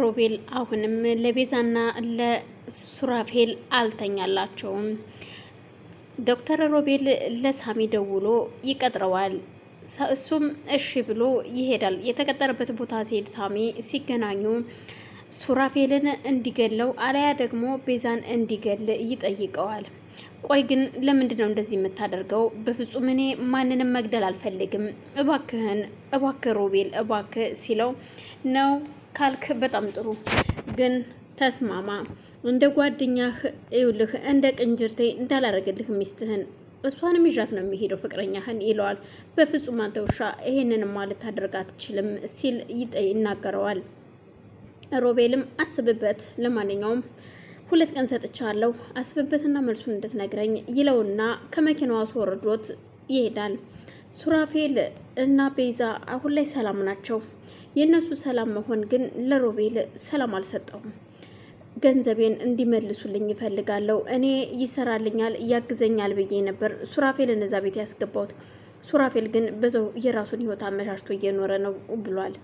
ሮቤል አሁንም ለቤዛና ለሱራፌል አልተኛላቸውም። ዶክተር ሮቤል ለሳሚ ደውሎ ይቀጥረዋል። እሱም እሺ ብሎ ይሄዳል። የተቀጠረበት ቦታ ሲሄድ ሳሚ ሲገናኙ ሱራፌልን እንዲገለው አለያ ደግሞ ቤዛን እንዲገል ይጠይቀዋል። ቆይ ግን ለምንድን ነው እንደዚህ የምታደርገው? በፍጹም እኔ ማንንም መግደል አልፈልግም። እባክህን፣ እባክህ ሮቤል፣ እባክህ ሲለው ነው ካልክ በጣም ጥሩ ግን ተስማማ። እንደ ጓደኛህ ይውልህ እንደ ቅንጅርቴ እንዳላረግልህ ሚስትህን እሷንም ይዣት ነው የሚሄደው ፍቅረኛህን ይለዋል። በፍጹም አንተ ውሻ ይሄንን ማለት ታደርግ አትችልም ሲል ይናገረዋል። ሮቤልም አስብበት፣ ለማንኛውም ሁለት ቀን ሰጥቻለሁ፣ አስብበትና መልሱን እንድትነግረኝ ይለውና ከመኪናዋ አስወርዶት ይሄዳል። ሱራፌል እና ቤዛ አሁን ላይ ሰላም ናቸው። የእነሱ ሰላም መሆን ግን ለሮቤል ሰላም አልሰጠውም። ገንዘቤን እንዲመልሱልኝ ይፈልጋለሁ። እኔ ይሰራልኛል፣ ያግዘኛል ብዬ ነበር ሱራፌል እነዛ ቤት ያስገባሁት። ሱራፌል ግን በዛው የራሱን ህይወት አመቻችቶ እየኖረ ነው ብሏል።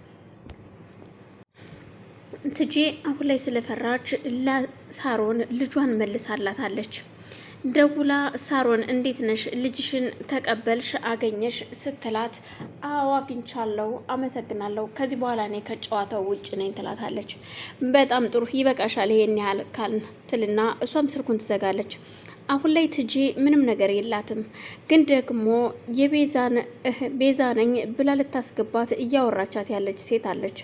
ትጂ አሁን ላይ ስለፈራች ለሳሮን ልጇን መልሳላታለች። ደውላ ሳሮን እንዴት ነሽ? ልጅሽን ተቀበልሽ አገኘሽ? ስትላት አዎ አግኝቻለሁ፣ አመሰግናለሁ። ከዚህ በኋላ እኔ ከጨዋታው ውጭ ነኝ ትላታለች። በጣም ጥሩ ይበቃሻል፣ ይሄን ያህል ካልን ትልና እሷም ስልኩን ትዘጋለች። አሁን ላይ ትጂ ምንም ነገር የላትም፣ ግን ደግሞ የቤዛን ቤዛ ነኝ ብላ ልታስገባት እያወራቻት ያለች ሴት አለች።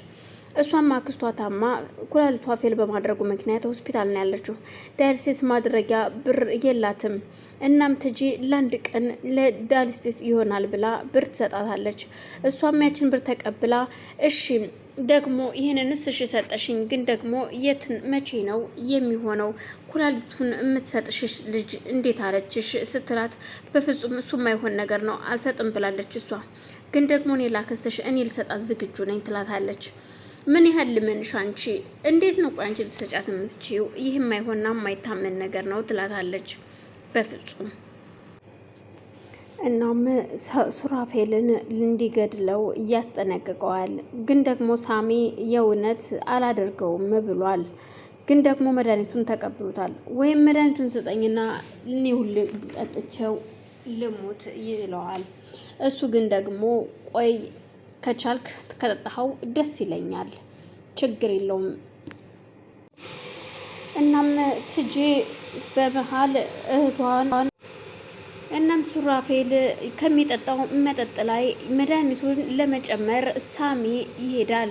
እሷም አክስቷ ታማ ኩላሊቷ ፌል በማድረጉ ምክንያት ሆስፒታል ነው ያለችው። ዳያሊሲስ ማድረጊያ ብር የላትም። እናም ትጂ ለአንድ ቀን ለዳያሊሲስ ይሆናል ብላ ብር ትሰጣታለች። እሷም ያችን ብር ተቀብላ እሺ ደግሞ ይህንን ስሽ ሰጠሽኝ፣ ግን ደግሞ የትን መቼ ነው የሚሆነው? ኩላሊቱን የምትሰጥሽሽ ልጅ እንዴት አለችሽ? ስትላት በፍጹም እሱ የማይሆን ነገር ነው አልሰጥም ብላለች። እሷ ግን ደግሞ እኔ ላክስትሽ፣ እኔ ልሰጣት ዝግጁ ነኝ ትላታለች። ምን ያህል ልመንሽ አንቺ እንዴት ነው ቆይ አንቺ ልትሰጫት የምትችይው? ይህ የማይሆንና የማይታመን ነገር ነው ትላታለች። በፍጹም እናም ሱራፌልን እንዲገድለው እያስጠነቅቀዋል። ግን ደግሞ ሳሚ የእውነት አላደርገውም ብሏል። ግን ደግሞ መድኃኒቱን ተቀብሎታል። ወይም መድኃኒቱን ስጠኝና እኔ ሁሌ ጠጥቼው ልሙት ይለዋል። እሱ ግን ደግሞ ቆይ ከቻልክ ከጠጣኸው ደስ ይለኛል፣ ችግር የለውም። እናም ትጂ በመሀል እህቷን እናም ሱራፌል ከሚጠጣው መጠጥ ላይ መድኃኒቱን ለመጨመር ሳሚ ይሄዳል።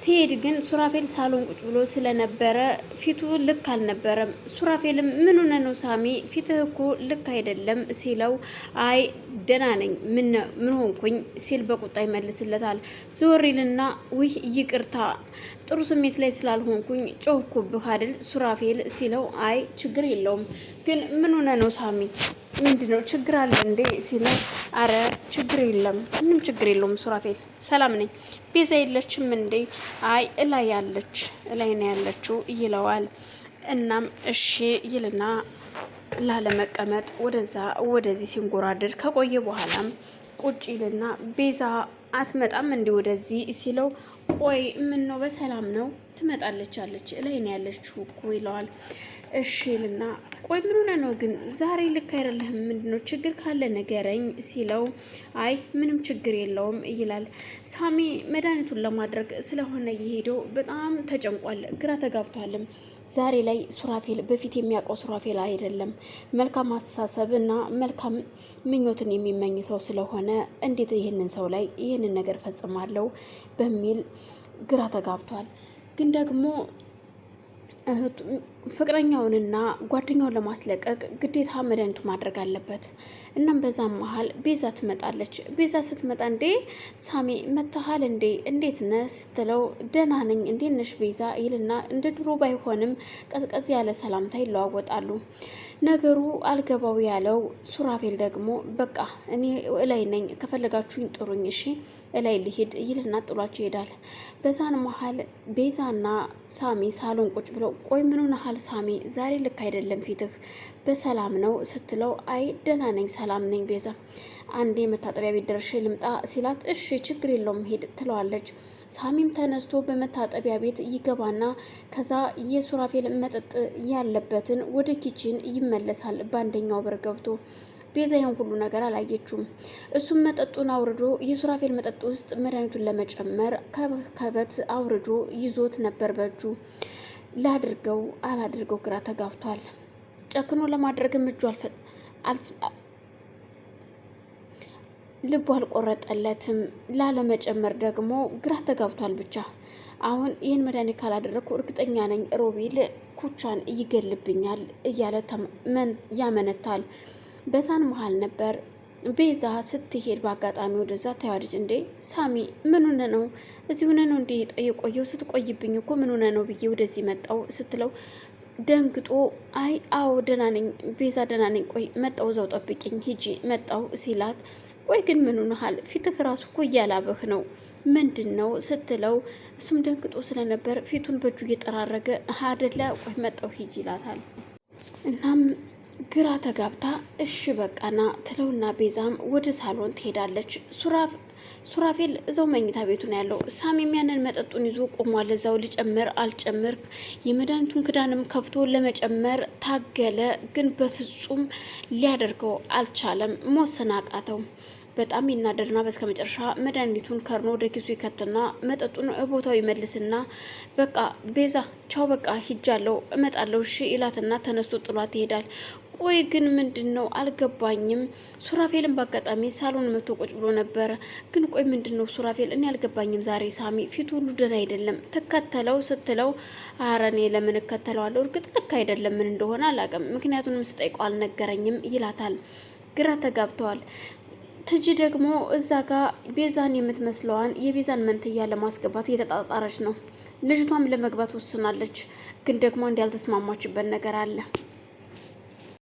ሲሄድ ግን ሱራፌል ሳሎን ቁጭ ብሎ ስለነበረ ፊቱ ልክ አልነበረም። ሱራፌልም ምን ሆነ ነው ሳሚ ፊትህ እኮ ልክ አይደለም ሲለው አይ ደህና ነኝ ምን ሆንኩኝ ሲል በቁጣ ይመልስለታል። ዘወሪልና ውህ ይቅርታ ጥሩ ስሜት ላይ ስላልሆንኩኝ ጮህኩብህ አይደል ሱራፌል ሲለው አይ ችግር የለውም ግን ምን ሆነ ነው ሳሚ ምንድነው ችግር አለ እንዴ ሲለው፣ አረ ችግር የለም ምንም ችግር የለውም ሱራፌል፣ ሰላም ነኝ። ቤዛ የለችም እንዴ? አይ እላይ ያለች እላይ ነው ያለችው ይለዋል። እናም እሺ ይልና ላለመቀመጥ ወደዛ ወደዚህ ሲንጎራደድ ከቆየ በኋላም ቁጭ ይልና ቤዛ አትመጣም እንዲህ ወደዚህ ሲለው፣ ቆይ ምን ነው በሰላም ነው ትመጣለች አለች እላይ ነው ያለችው እኮ ይለዋል። እሺ ልና ቆይ ምን ሆነ ነው ግን ዛሬ ልክ አይደለህም፣ ምንድነው ችግር ካለ ንገረኝ ሲለው አይ ምንም ችግር የለውም ይላል። ሳሚ መድኃኒቱን ለማድረግ ስለሆነ የሄደው በጣም ተጨንቋል፣ ግራ ተጋብቷልም። ዛሬ ላይ ሱራፌል በፊት የሚያውቀው ሱራፌል አይደለም። መልካም አስተሳሰብ እና መልካም ምኞትን የሚመኝ ሰው ስለሆነ እንዴት ይህንን ሰው ላይ ይህንን ነገር ፈጽማለሁ በሚል ግራ ተጋብቷል። ግን ደግሞ ፍቅረኛውንና ጓደኛውን ለማስለቀቅ ግዴታ መድኃኒቱ ማድረግ አለበት። እናም በዛም መሀል ቤዛ ትመጣለች። ቤዛ ስትመጣ እንዴ ሳሚ መታሃል እንዴ እንዴት ነ ስትለው ደህና ነኝ እንዴት ነሽ ቤዛ ይልና እንደ ድሮ ባይሆንም ቀዝቀዝ ያለ ሰላምታ ይለዋወጣሉ። ነገሩ አልገባው ያለው ሱራፌል ደግሞ በቃ እኔ እላይ ነኝ ከፈለጋችሁኝ ጥሩኝ እሺ እላይ ልሂድ ይልና ጥሏቸው ይሄዳል። በዛን መሀል ቤዛና ሳሚ ሳሎን ቁጭ ብለው ቆይ ምኑን ያህል ብሎኛል ሳሚ፣ ዛሬ ልክ አይደለም ፊትህ። በሰላም ነው ስትለው አይ ደህና ነኝ፣ ሰላም ነኝ ቤዛ አንዴ መታጠቢያ ቤት ደርሼ ልምጣ ሲላት እሺ ችግር የለውም ሄድ ትለዋለች። ሳሚም ተነስቶ በመታጠቢያ ቤት ይገባና ከዛ የሱራፌል መጠጥ ያለበትን ወደ ኪችን ይመለሳል። በአንደኛው በር ገብቶ ቤዛ ይህን ሁሉ ነገር አላየችውም። እሱም መጠጡን አውርዶ የሱራፌል መጠጥ ውስጥ መድኃኒቱን ለመጨመር ከበት አውርዶ ይዞት ነበር በእጁ ላድርገው አላድርገው ግራ ተጋብቷል። ጨክኖ ለማድረግም እጁ ልቡ አልቆረጠለትም። ላለመጨመር ደግሞ ግራ ተጋብቷል። ብቻ አሁን ይህን መድኃኒት ካላደረግኩ እርግጠኛ ነኝ ሮቤል ኩቻን ይገልብኛል እያለ ያመነታል። በዛን መሀል ነበር ቤዛ ስትሄድ በአጋጣሚ ወደዛ ታዋድጅ እንዴ ሳሚ ምን ሆነ ነው እዚህ ሆነ ነው እንዴ የቆየው ስትቆይብኝ እኮ ምን ሆነ ነው ብዬ ወደዚህ መጣው ስትለው ደንግጦ አይ አዎ ደህና ነኝ ቤዛ ደህና ነኝ ቆይ መጣው እዛው ጠብቂኝ ሂጂ መጣው ሲላት ቆይ ግን ምን ሆነሃል ፊትህ ራሱ እኮ እያላበህ ነው ምንድን ነው ስትለው እሱም ደንግጦ ስለነበር ፊቱን በእጁ እየጠራረገ ሀደለ ቆይ መጣው ሂጂ ይላታል እናም ግራ ተጋብታ እሺ በቃና ትለውና ቤዛም ወደ ሳሎን ትሄዳለች። ሱራፌል እዛው መኝታ ቤቱ ነው ያለው። ሳሚም ያንን መጠጡን ይዞ ቆሟል። እዛው ልጨምር አልጨምር፣ የመድኃኒቱን ክዳንም ከፍቶ ለመጨመር ታገለ፣ ግን በፍጹም ሊያደርገው አልቻለም። መወሰን አቃተው። በጣም ይናደድና በስከ መጨረሻ መድኃኒቱን ከርኖ ወደ ኪሱ ይከትና መጠጡን ቦታው ይመልስና በቃ ቤዛ ቻው፣ በቃ ሂጃለው፣ እመጣለው እሺ ይላትና ተነስቶ ጥሏት ይሄዳል። ወይ ግን ምንድን ነው አልገባኝም። ሱራፌልን በአጋጣሚ ሳሎን መቶ ቁጭ ብሎ ነበረ። ግን ቆይ ምንድን ነው ሱራፌል፣ እኔ አልገባኝም ዛሬ ሳሚ ፊቱ ሁሉ ደህና አይደለም። ተከተለው ስትለው ኧረ እኔ ለምን እከተለዋለሁ? እርግጥ ልክ አይደለም፣ ምን እንደሆነ አላውቅም። ምክንያቱንም ስጠይቀው አልነገረኝም ይላታል። ግራ ተጋብተዋል። ትጂ ደግሞ እዛ ጋር ቤዛን የምትመስለዋን የቤዛን መንትያ ለማስገባት እየተጣጣረች ነው። ልጅቷም ለመግባት ወስናለች። ግን ደግሞ እንዲያልተስማማችበት ነገር አለ።